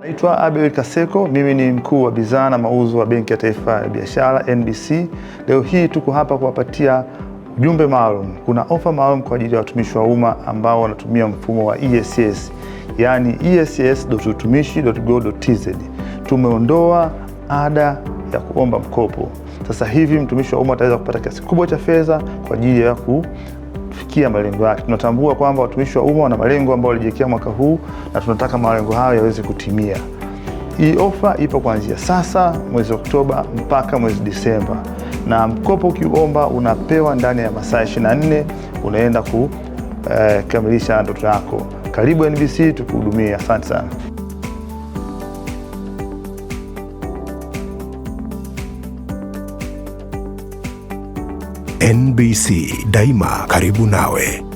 Naitwa Abel Kaseko, mimi ni mkuu wa bidhaa na mauzo wa Benki ya Taifa ya Biashara NBC. Leo hii tuko hapa kuwapatia ujumbe maalum. Kuna ofa maalum kwa ajili ya watumishi wa umma ambao wanatumia mfumo wa ESS, yaani ess.utumishi.go.tz. Tumeondoa ada ya kuomba mkopo. Sasa hivi mtumishi wa umma ataweza kupata kiasi kubwa cha fedha kwa ajili ya ku kufikia malengo yake. Tunatambua kwamba watumishi wa umma wana malengo ambayo walijiwekea mwaka huu na tunataka malengo hayo yaweze kutimia. Hii ofa ipo kuanzia sasa mwezi Oktoba mpaka mwezi Disemba, na mkopo ukiomba unapewa ndani ya masaa 24 unaenda eh, kukamilisha ndoto yako. Karibu NBC tukuhudumie. Asante sana. NBC daima karibu nawe.